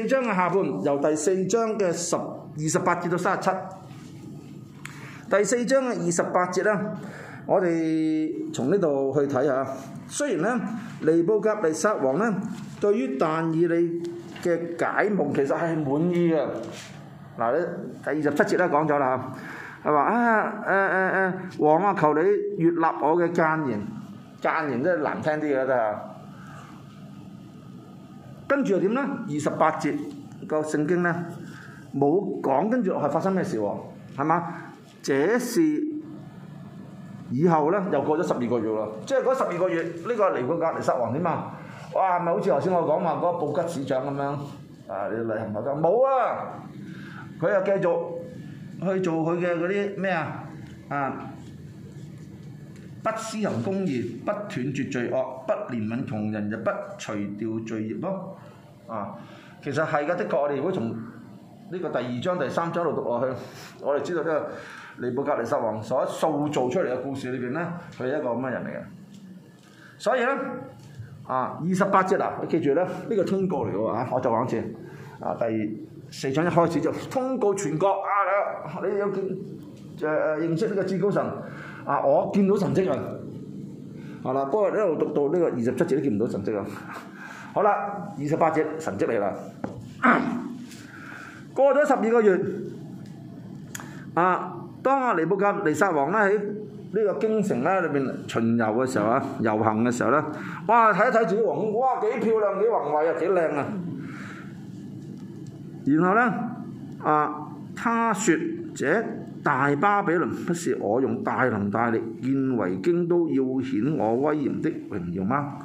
第四章嘅下半，由第四章嘅十二十八節到三十七。第四章嘅二十八節啦，我哋從呢度去睇下。雖然呢，尼布甲尼撒王呢對於但以利嘅解夢，其實係滿意嘅。嗱，第二十七節咧講咗啦，係話啊，誒誒誒，王啊，求你悅納我嘅諫言，諫言即係難聽啲嘅啫。跟住又點呢？二十八節個聖經呢，冇講，跟住係發生咩事喎、啊？係嘛？這事以後呢，又過咗十二個月啦。即係嗰十二個月呢、這個嚟過隔離殺王點嘛。哇！咪好似頭先我講話嗰個布吉市長咁樣啊，嚟行頭交冇啊！佢又繼續去做佢嘅嗰啲咩啊啊！不施行公義，不斷絕罪惡，不憐憫窮人，就不除掉罪孽。咯。啊，其實係噶，的確，我哋如果從呢個第二章、第三章度讀落去，我哋知道呢個尼布格尼撒王所塑造出嚟嘅故事裏邊咧，佢係一個咩人嚟嘅？所以咧，啊，二十八節啊，你記住咧，呢、這個通告嚟嘅喎啊，我再講一次啊，第四章一開始就通告全國啊，你有誒、啊、認識呢個至高神？啊！我、哦、見到神跡啦！係啦，不過一路讀到呢個二十七節都見唔到神跡啦！好啦，二十八節神跡嚟啦！過咗十二個月，啊，當阿尼布甲尼撒王咧喺呢個京城咧裏邊巡遊嘅時候啊，遊行嘅時候咧，哇！睇一睇自己王宮，哇！幾漂亮，幾宏偉啊，幾靚啊！然後咧，啊，他説這。大巴比倫不是我用大能大力建為京都，要顯我威嚴的榮耀嗎？啊、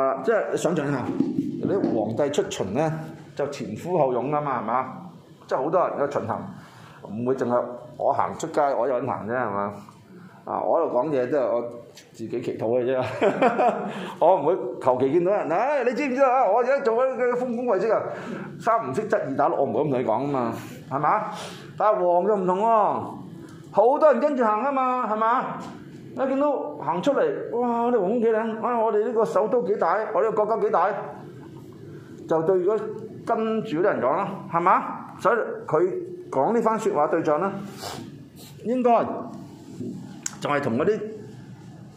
呃，即係想象一下，皇帝出巡呢就前呼後擁噶嘛，係嘛？即係好多人嘅巡行，唔會淨係我行出街，我有個人行啫係嘛？啊、呃，我喺度講嘢即係我。自己祈禱嘅啫，我唔會求其見到人。唉、哎，你知唔知啊？我而家做緊嘅封官位職啊，三唔識七、二打六，我唔會咁同你講啊嘛，係嘛？但係王就唔同喎，好多人跟住行啊嘛，係嘛？一見到行出嚟，哇！我哋皇宮幾靚啊！我哋呢個首都幾大，我哋個國家幾大，就對住跟住嗰啲人講啦，係嘛？所以佢講呢番説話對象咧，應該就係同嗰啲。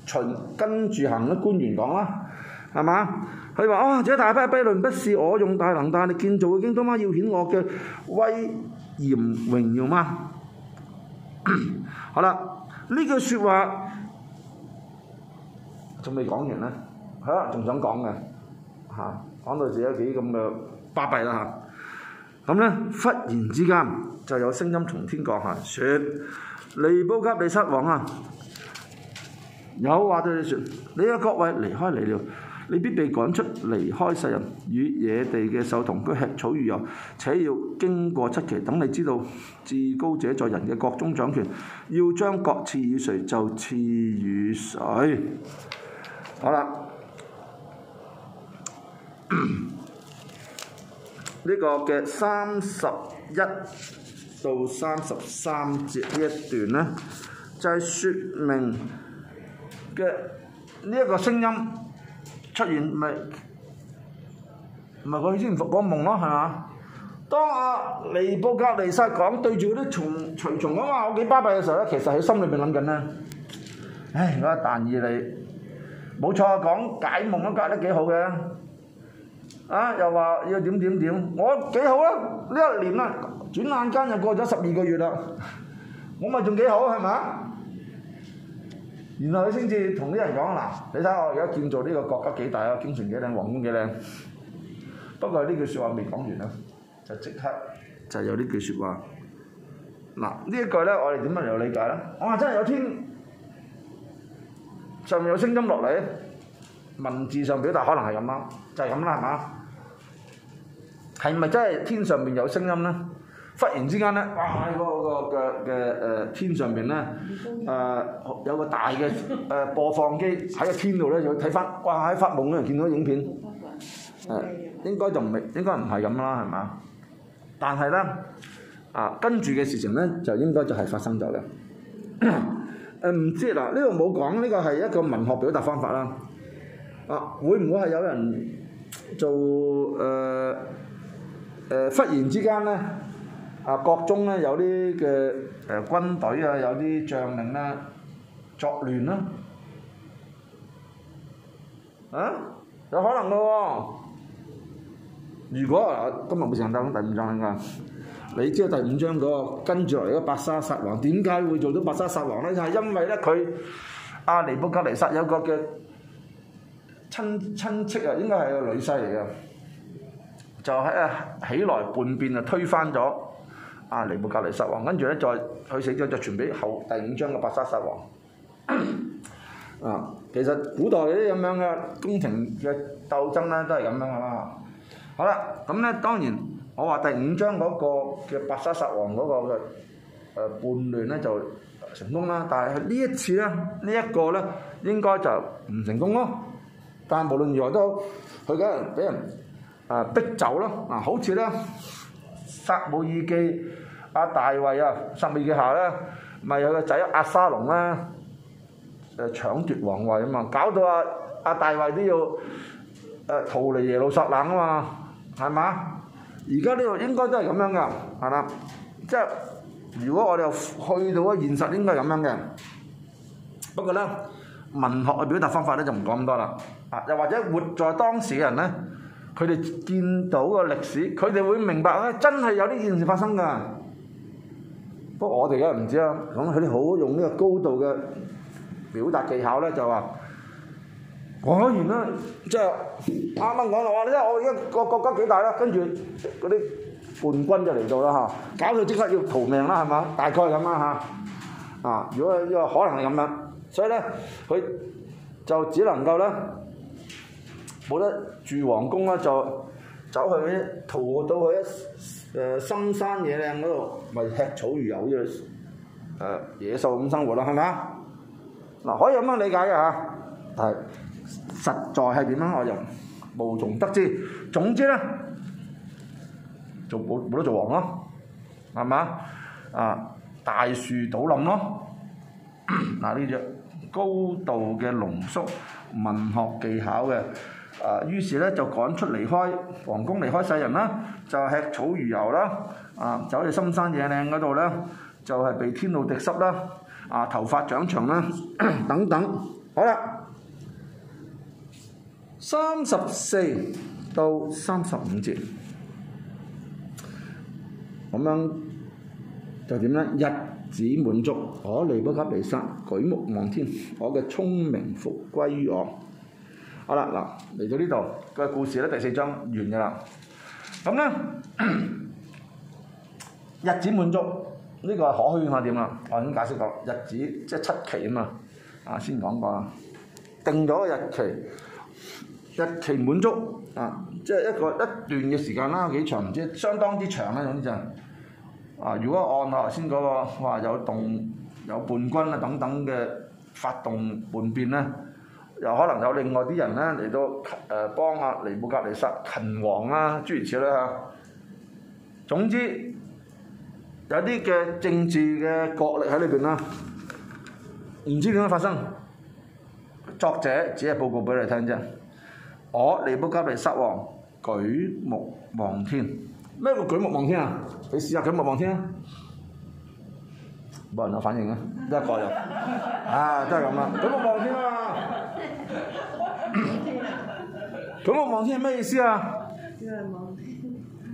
秦跟住行啲官員講啦，係嘛？佢話：哇、哦！這大巴比倫不是我用大能大力建造嘅，京都嗎要顯我嘅威嚴榮耀嗎？ 好啦，呢句説話仲未講完呢？啦、啊，嚇仲想講嘅嚇，講、啊、到自己幾咁嘅巴閉啦嚇。咁、啊、呢，忽然之間就有聲音從天降下，説、啊：尼布甲尼撒王啊！有話對你説，你嘅國位離開你了，你必被趕出離開世人，與野地嘅獸同居吃草如牛，且要經過七期，等你知道至高者在人嘅國中掌權，要將國賜與誰就賜與誰。好啦，呢、 這個嘅三十一到三十三節呢一段呢，就係、是、説明。嘅呢一個聲音出現，咪咪佢之前復講夢咯，係嘛？當阿、啊、尼布甲尼撒講對住嗰啲蟲蠕蟲咁嘛，我幾巴閉嘅時候咧，其實喺心裏面諗緊咧，唉，我一但以理，冇錯、啊，講解夢啊格都幾好嘅，啊又話要點點點，我幾好啊？呢一年啊，轉眼間就過咗十二個月啦，我咪仲幾好係嘛？然後佢先至同啲人講嗱，你睇我而家建造呢個國家幾大啊，京城幾靚，皇宮幾靚。不過呢句説話未講完啦，就即刻就有呢句説話。嗱，呢句呢句咧，我哋點樣嚟理解呢？我、啊、話真係有天上面有聲音落嚟，文字上表達可能係咁啦，就係咁啦，係嘛？係咪真係天上面有聲音呢？」忽然之間咧，哇！喺嗰、那個嘅嘅誒天上邊咧，誒、啊、有個大嘅誒播放機喺個天度咧，就睇翻，哇！喺發夢嗰陣見到影片，誒、啊、應該就唔係，應該唔係咁啦，係嘛？但係咧，啊跟住嘅事情咧，就應該就係發生咗嘅。誒唔、啊、知嗱，呢度冇講，呢個係一個文學表達方法啦。啊，會唔會係有人做誒誒、呃啊？忽然之間咧？啊，國中呢，有啲嘅誒軍隊啊，有啲將領咧作亂啦，啊有可能嘅喎、哦。如果嗱，今日冇上到第五章㗎，你知道第五章嗰個跟住落嚟嘅伯沙撒王點解會做到伯沙撒王呢？就係、是、因為咧佢阿尼布甲尼撒有個嘅親親戚啊，應該係個女婿嚟嘅，就喺、是、啊起來叛變啊，推翻咗。啊！尼布甲尼撒王喎，跟住咧再去死咗，就傳俾後第五章嘅伯沙撒王。 啊，其實古代啲咁樣嘅宮廷嘅鬥爭咧都係咁樣啦。好啦，咁、嗯、咧當然我話第五章嗰個嘅伯沙撒王嗰個嘅誒、呃、叛亂咧就成功啦，但係呢一次咧呢一、這個咧應該就唔成功咯。但係無論如何都佢梗係俾人誒、呃、逼走啦。嗱、啊，好似咧。撒母耳記、阿、啊、大衛啊，撒母耳記下咧，咪有個仔阿沙龍啦，誒、呃、搶奪皇位啊嘛，搞到阿、啊、阿、啊、大衛都要誒、呃、逃離耶路撒冷啊嘛，係嘛？而家呢度應該都係咁樣噶，係嘛？即係如果我哋去到個現實，應該咁樣嘅。不過咧，文學嘅表達方法咧就唔講咁多啦。啊，又或者活在當時嘅人咧。佢哋見到嘅歷史，佢哋會明白、哎、真係有呢件事發生㗎。不過我哋而家唔知啦。咁佢哋好用呢個高度嘅表達技巧咧，就話講完啦，即係啱啱講話咧，我而家個國家幾大啦，跟住嗰啲叛軍就嚟到啦嚇，搞到即刻要逃命啦係嘛，大概咁啦嚇。如果呢個可能係咁樣，所以呢，佢就只能夠呢。冇得住皇宮啦，就走去啲逃到去一誒、呃、深山野嶺嗰度，咪吃草如牛嘅誒野獸咁生活咯，係咪啊？嗱，可以咁樣理解嘅吓，但係實在係點樣？我就無從得知。總之咧，就冇冇得做王咯，係咪啊？啊，大樹倒冧咯，嗱呢隻高度嘅濃縮文學技巧嘅。啊！於是咧就趕出離開王宮，離開世人啦，就吃草如牛啦，啊，走去深山野嶺嗰度啦，就係被天露滴濕啦，啊，頭髮長長啦，等等。好啦，三十四到三十五節咁樣就點呢？日子滿足，我尼布甲尼撒，舉目望天，我嘅聰明復歸於我。好啦，嚟到呢度個故事咧第四章完嘅啦。咁咧日子滿足呢個係可圈可點啦。我已經解釋過，日子即係七期啊嘛。啊，先講過定咗個日期，日期滿足啊，即係一個一段嘅時間啦，幾長唔知，相當之長啦。總之就啊，如果按我頭先講個話，有動有叛軍啊等等嘅發動叛變咧。又可能有另外啲人咧嚟到誒、呃、幫下、啊、尼布甲尼撒勤王啦，啊，諸如此類嚇、啊。總之有啲嘅政治嘅角力喺裏邊啦，唔知點樣發生。作者只係報告俾你聽啫。我尼布甲尼撒王舉目望天。咩叫舉目望天啊？你試下舉目望天啊！冇人有反應啊！一個人啊。 啊，都係咁啦！舉目望天啊！舉目望天係咩意思啊？舉目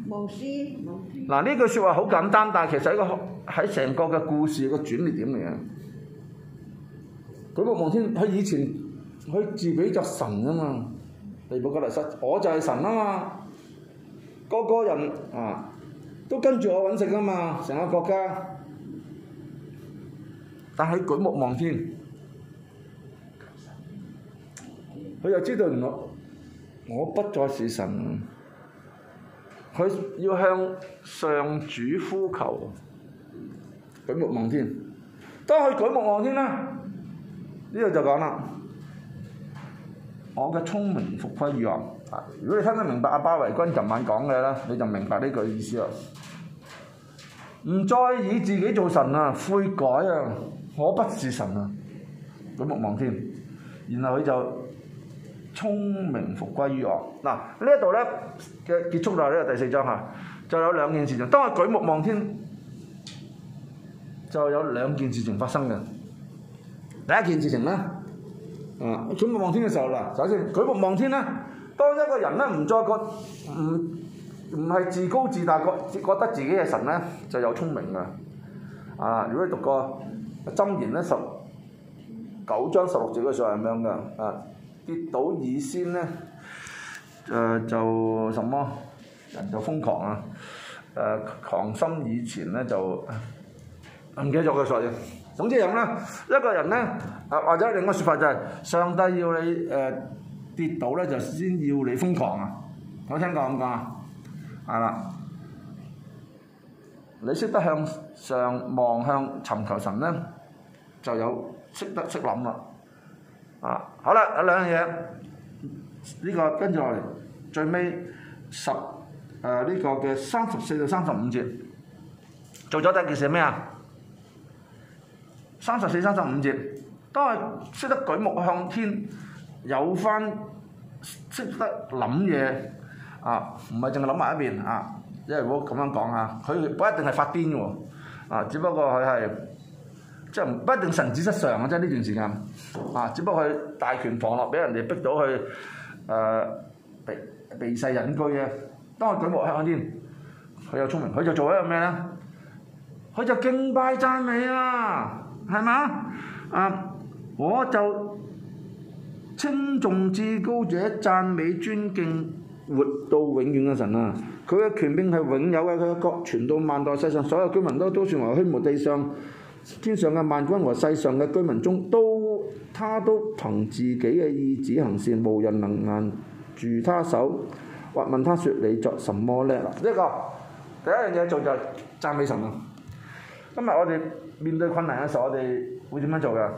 望天，望天。嗱呢句説話好簡單，但係其實一個喺成個嘅故事個轉捩點嚟嘅。舉目望天，佢以前佢自己就神啊嘛，地保加嚟師，我就係神啊嘛。個個人啊都跟住我揾食啊嘛，成個國家。但係舉目望天，佢又知道我。我不再是神，佢要向上主呼求，舉目望天。當佢舉目望天啦，呢度就講啦，我嘅聰明復歸於我啊，如果你聽得明白阿巴維君尋晚講嘅啦，你就明白呢句意思啦。唔再以自己做神啊，悔改啊，我不是神啊，舉目望天。然後佢就。聰明復歸於我。嗱，呢一度咧，嘅結束啦，呢、這個第四章就有兩件事情。當我舉目望天，就有兩件事情發生嘅。第一件事情咧、嗯，舉目望天嘅時候嗱，首先舉目望天咧，當一個人咧唔再覺得，唔，唔係自高自大覺得自己係神咧，就有聰明嘅。啊，如果讀過箴言咧十九章十六節嘅時候係咁樣嘅啊。跌倒以先呢，誒、呃、就什麼？人就瘋狂啊！誒、呃、狂心以前呢，就唔記得咗個索嘅。總之咁啦，一個人咧，或者另一個説法就係、是、上帝要你誒、呃、跌倒咧，就先要你瘋狂啊！我冇聽咁講啊？係啦，你識得向上望向尋求神咧，就有識得識諗啦。啊，好啦，有兩樣嘢，呢、這個跟住落嚟，最尾十誒呢、呃這個嘅三十四到三十五節，做咗第一件事係咩啊？三十四、三十五節都係識得舉目向天，有返識得諗嘢啊，唔係淨係諗埋一邊啊。因為如果咁樣講啊，佢不一定係發癲喎，啊，只不過佢係。即係不一定神志失常啊！即係呢段時間啊，只不過佢大權旁落，俾人哋逼到去誒、呃、避避世隱居嘅。當我舉目看下先，佢又聰明，佢就做一個咩咧？佢就敬拜讚美啊，係嘛？啱，我就稱頌至高者讚美尊敬，活到永遠嘅神啊！佢嘅權柄係永有嘅，佢嘅國傳到萬代世上，所有居民都都算為虛無地上。天上嘅萬軍和世上嘅居民中，都他都憑自己嘅意志行事，無人能攔住他手。或問他說：你作什麼呢？呢個，一個第一樣嘢做就係讚美神啊！今日我哋面對困難嘅時候，我哋會點樣做㗎？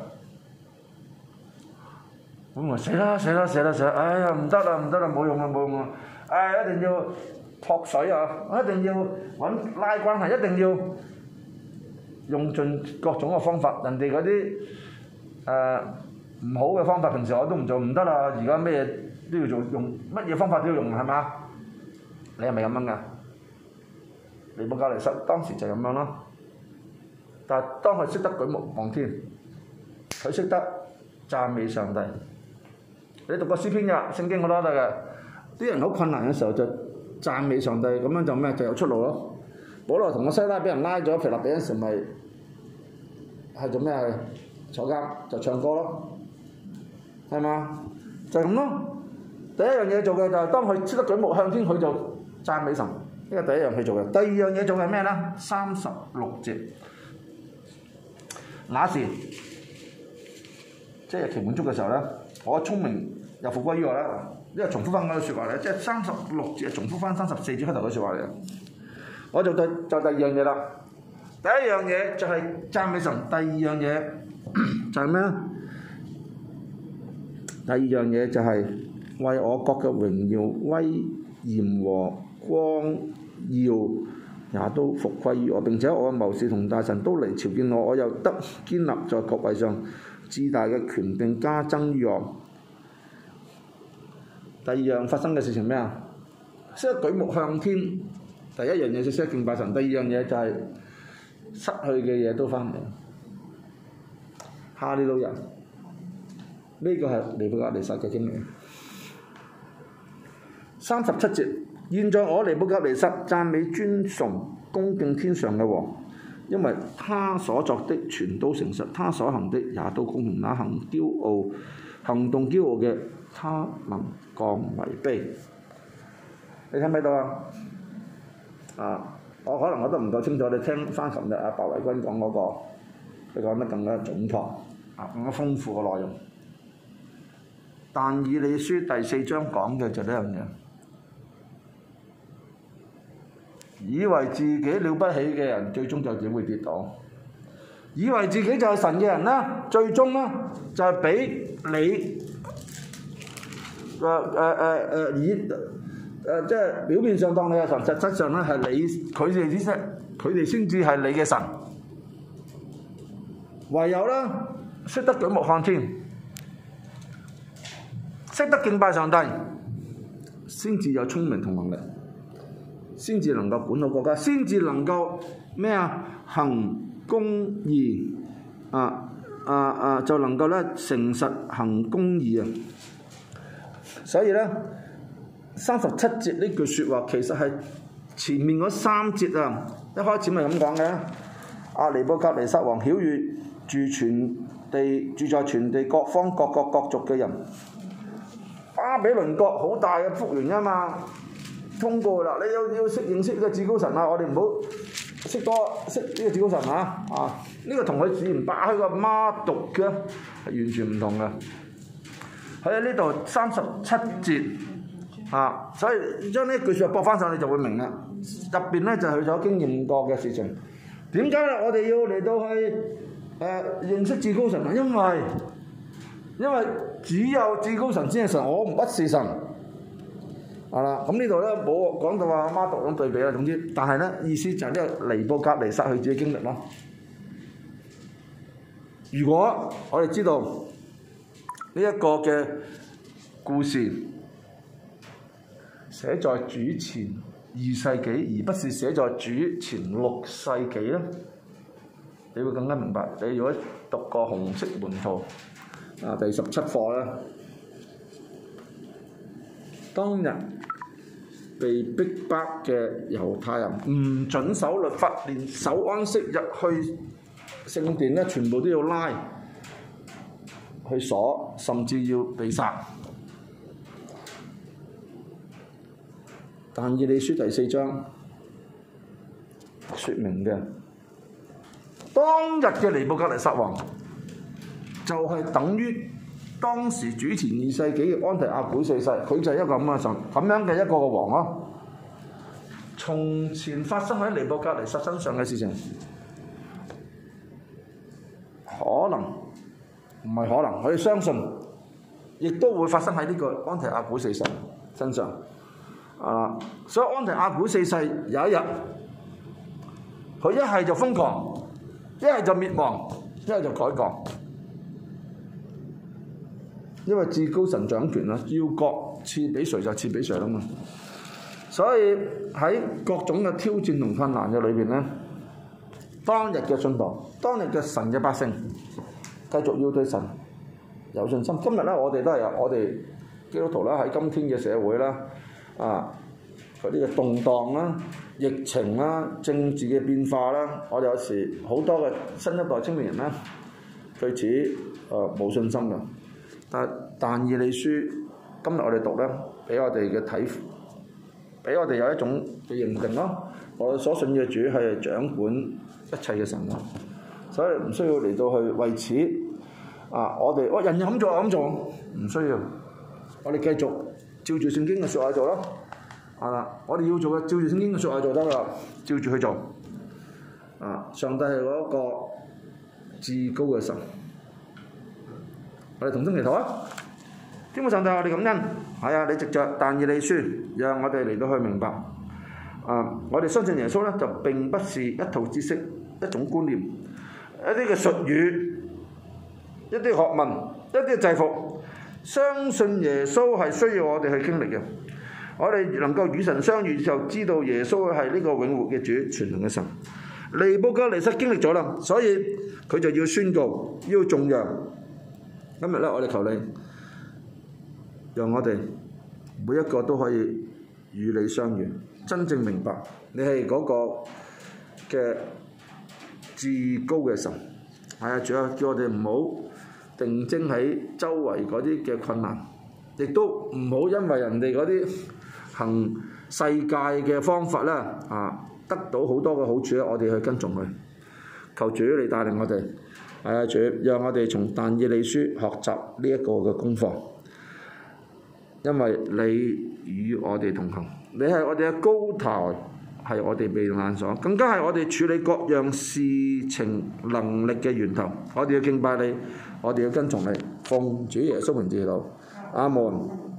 我話死啦死啦，死啦，死啦，哎呀，唔得啦，唔得啦，冇用啦，冇用啦！哎，一定要撲水啊！一定要揾拉關係，一定要。用盡各種嘅方法，人哋嗰啲誒唔好嘅方法，平時我都唔做，唔得啦！而家咩都要做，用乜嘢方法都要用，係咪？你係咪咁樣噶？你冇隔離室，當時就係咁樣咯。但係當佢識得舉目望天，佢識得讚美上帝。你讀過詩篇㗎？聖經好多都係㗎。啲人好困難嘅時候就讚美上帝，咁樣就咩？就有出路咯。保羅同個西拉被人拉咗，腓立比嗰陣時咪、就、係、是、做咩？坐監就唱歌咯，係嘛？就係、是、咁咯。第一樣嘢做嘅就係、是、當佢識得舉目向天，佢就讚美神。呢個第一樣嘢做嘅。第二樣嘢做係咩呢？三十六節，那時即係日期滿足嘅時候呢，我嘅聰明又復歸於我啦。呢個重複翻嗰個説話嚟，即係三十六節重複翻三十四節嗰頭嘅説話嚟。我就對，就第二樣嘢啦。第一樣嘢就係讚美神，第二樣嘢就係咩啊？第二樣嘢就係為我國嘅榮耀、威嚴和光耀，也都復歸於我。並且我嘅謀士同大臣都嚟朝見我，我又得堅立在國位上，至大嘅權柄加增於我。第二樣發生嘅事情咩啊？即係舉目向天。第一樣嘢就識敬拜神，第二樣嘢就係失去嘅嘢都翻嚟，哈利路亞，呢、這個係尼布甲尼撒嘅經歷。三十七節，現在我尼布甲尼撒，讚美尊崇恭敬天上嘅王，因為他所作的全都誠實，他所行的也都公平，那行驕傲行動驕傲嘅，他能降為卑。你聽唔聽到啊？啊！我可能我都唔夠清楚，你聽翻尋日阿白維君講嗰、那個，佢講得更加準確，啊，更加豐富嘅內容。但以理書第四章講嘅就呢樣嘢，以為自己了不起嘅人，最終就只會跌倒；以為自己就係神嘅人呢，最終呢，就係、是、畀你啊啊啊啊！你、呃呃呃呃、即係表面上當你係神，實質上咧係你，佢哋先識，佢哋先至係你嘅神。唯有咧識得舉目看天，識得敬拜上帝，先至有聰明同能力，先至能夠管到國家，先至能夠咩啊行公義啊啊啊，就能夠咧誠實行公義啊。所以咧。三十七節呢句説話其實係前面嗰三節啊，一開始咪咁講嘅。阿、啊、尼布甲尼撒王曉諭住全地，住在全地各方各國各，各，各族嘅人。巴、啊、比倫國好大嘅幅員啊嘛，通過啦！你要要識認識呢、啊、個至高神啊！我哋唔好識多識呢個至高神嚇啊！呢、這個同佢自然霸佢嘅媽獨嘅係完全唔同嘅。喺呢度三十七節。啊！所以將呢句説話駁返上，你就會明啦。入邊咧就係咗經驗過嘅事情。點解我哋要嚟到去誒、呃、認識至高神？因為因為只有至高神先係神，我唔不是神。係、啊、啦，咁、啊、呢度咧冇講到話媽獨咁對比啦。總之，但係咧意思就係呢個彌補隔離失去自己經歷咯。如果我哋知道呢一、這個嘅故事。寫在主前二世紀，而不是寫在主前六世紀咧，你會更加明白。你如果讀過紅色門徒，啊，第十七課咧，當日被逼迫嘅猶太人唔準守律法，連守安息日入去聖殿咧，全部都要拉去鎖，甚至要被殺。但以理書第四章説明嘅，當日嘅尼布甲尼撒王，就係、是、等於當時主前二世紀嘅安提阿古四世，佢就係一個咁嘅神，咁樣嘅一個王咯、啊。從前發生喺尼布甲尼撒身上嘅事情，可能唔係可能，我哋相信，亦都會發生喺呢個安提阿古四世身上。啊！所以安提阿古四世有一日，佢一係就瘋狂，一係就滅亡，一係就改過。因為至高神掌權要國賜俾誰就賜俾誰啊嘛！所以喺各種嘅挑戰同困難嘅裏面咧，當日嘅信徒，當日嘅神嘅百姓，繼續要對神有信心。今日呢，我哋都係由我哋基督徒咧，喺今天嘅社會咧。啊！嗰啲嘅動盪啦、啊、疫情啦、啊、政治嘅變化啦、啊，我有時好多嘅新一代青年人咧，對此誒冇、呃、信心嘅。但但以理書今日我哋讀咧，俾我哋嘅睇，俾我哋有一種嘅認定咯、啊。我哋所信嘅主係掌管一切嘅神啊！所以唔需要嚟到去為此啊！我哋我、哦、人要咁做就咁做，唔需要。我哋繼續。照住聖經嘅説話做咯，係、啊、啦，我哋要做嘅照住聖經嘅説話做得啦，照住去做。啊，上帝係嗰個至高嘅神，我哋同心祈禱啊！天父上帝，你感恩，係、哎、啊，你藉着但以理書，讓我哋嚟到去明白。啊，我哋相信耶穌咧，就並不是一套知識、一種觀念、一啲嘅術語、一啲學問、一啲嘅制服。相信耶穌係需要我哋去經歷嘅，我哋能夠與神相遇，就知道耶穌係呢個永活嘅主、傳統嘅神。尼布甲尼撒經歷咗啦，所以佢就要宣告要重羊。今日咧，我哋求你，讓我哋每一個都可以與你相遇，真正明白你係嗰個嘅至高嘅神。係、哎、啊，仲有叫我哋唔好。定睛喺周圍嗰啲嘅困難，亦都唔好因為人哋嗰啲行世界嘅方法咧，啊得到好多嘅好處咧，我哋去跟從佢。求主你帶領我哋，係啊主，讓我哋從但以理書學習呢一個嘅功課。因為你與我哋同行，你係我哋嘅高台，係我哋避難所，更加係我哋處理各樣事情能力嘅源頭，我哋要敬拜你。我哋要跟從你，奉主耶穌名禱告，阿門。